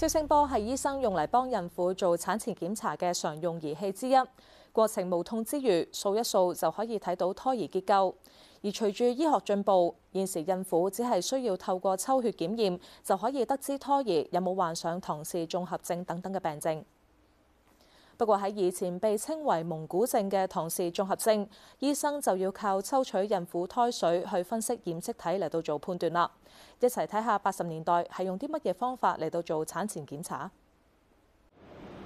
超聲波係醫生用嚟幫孕婦做產前檢查嘅常用儀器之一，過程無痛之餘，掃一掃就可以睇到胎兒結構。而隨住醫學進步，現時孕婦只係需要透過抽血檢驗就可以得知胎兒有冇患上唐氏綜合症等等嘅病症。不過喺以前，被稱為蒙古症嘅唐氏綜合症，醫生就要靠抽取孕婦胎水去分析染色體嚟到做判斷啦。一齊睇下八十年代係用啲乜嘢方法嚟到做產前檢查。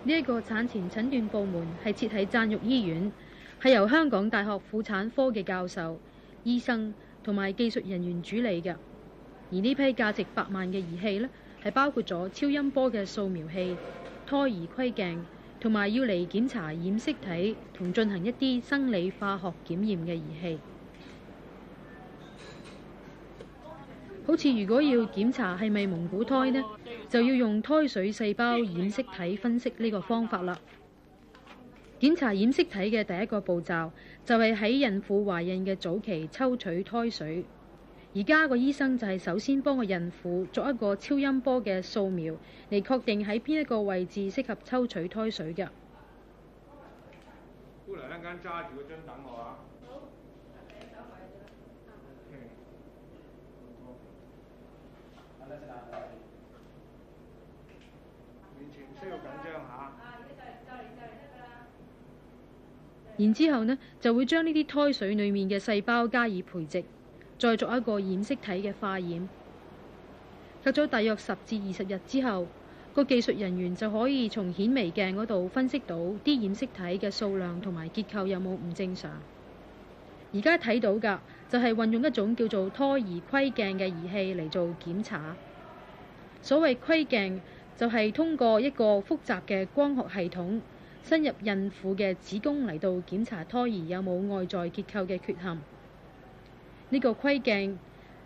呢一個產前診斷部門係設喺贊育醫院，係由香港大學婦產科嘅教授、醫生同埋技術人員主理嘅。而呢批價值百萬嘅儀器呢，係包括咗超音波嘅掃描器、胎兒窺鏡。同埋要嚟檢查染色體同進行一啲生理化學檢驗嘅儀器，好似如果要檢查係咪蒙古胎呢，就要用胎水細胞染色體分析呢個方法啦。檢查染色體嘅第一個步驟，就係喺孕婦懷孕嘅早期抽取胎水。而家個醫生就係首先幫個孕婦作一個超音波嘅掃描，嚟確定喺邊一個位置適合抽取胎水嘅。姑娘，一間揸住個樽等我啊，Okay！好，面前唔需要緊張嚇。然之後呢，就會將呢啲胎水裡面嘅細胞加以培植。再做一個染色體嘅化驗，隔咗大約十至二十日之後，個技術人員就可以從顯微鏡嗰度分析到啲染色體嘅數量同埋結構有冇唔正常。而家睇到噶就係運用一種叫做胎兒窺鏡嘅儀器嚟做檢查。所謂窺鏡就係通過一個複雜嘅光學系統，深入孕婦嘅子宮嚟到檢查胎兒有冇外在結構嘅缺陷。呢個規鏡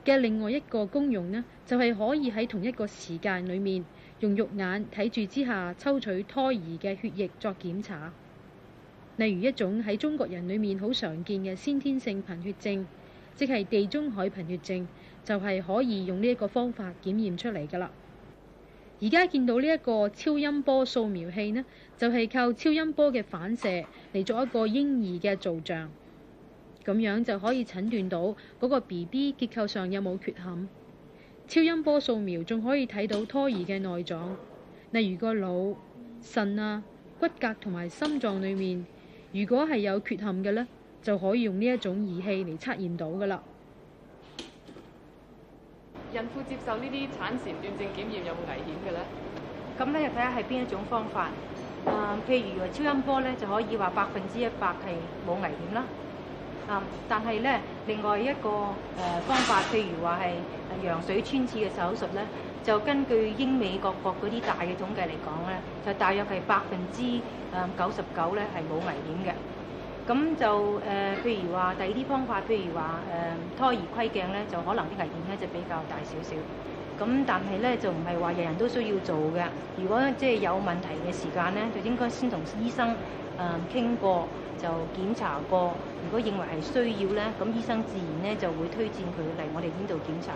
嘅另外一個功用呢，就係可以喺同一個時間裏面用肉眼睇住之下抽取胎兒嘅血液作檢查。例如一種喺中國人裏面好常見嘅先天性貧血症，即係地中海貧血症，就係可以用呢一個方法檢驗出嚟噶啦。而家見到呢一個超音波掃描器呢，就係靠超音波嘅反射嚟做一個嬰兒嘅造像。咁樣就可以診斷到嗰個 B B 結構上有冇缺陷。超音波掃描仲可以睇到胎兒嘅內臟，例如個腦、腎啊、骨骼同埋心臟裏面，如果係有缺陷嘅咧，就可以用呢一種儀器嚟測驗到噶啦。孕婦接受呢啲產前斷症檢驗有冇危險嘅咧？咁咧又睇下係邊一種方法。啊、呃，譬如話超音波咧就可以話百分之一百係冇危險啦。嗯、但係咧，另外一個誒、呃、方法，譬如話係羊水穿刺嘅手術咧，就根據英美各國嗰啲大嘅統計嚟講咧，就大約係百分之誒九十九咧係冇危險嘅。咁就誒、呃、譬如話第二啲方法，譬如話誒胎兒窺鏡咧，就可能啲危險咧就比較大少少。咁但係咧就唔係話人人都需要做嘅。如果即係有問題嘅時間咧，就應該先同醫生誒傾，嗯，過，就檢查過。如果認為係需要咧，咁醫生自然咧就會推薦佢嚟我哋呢度檢查。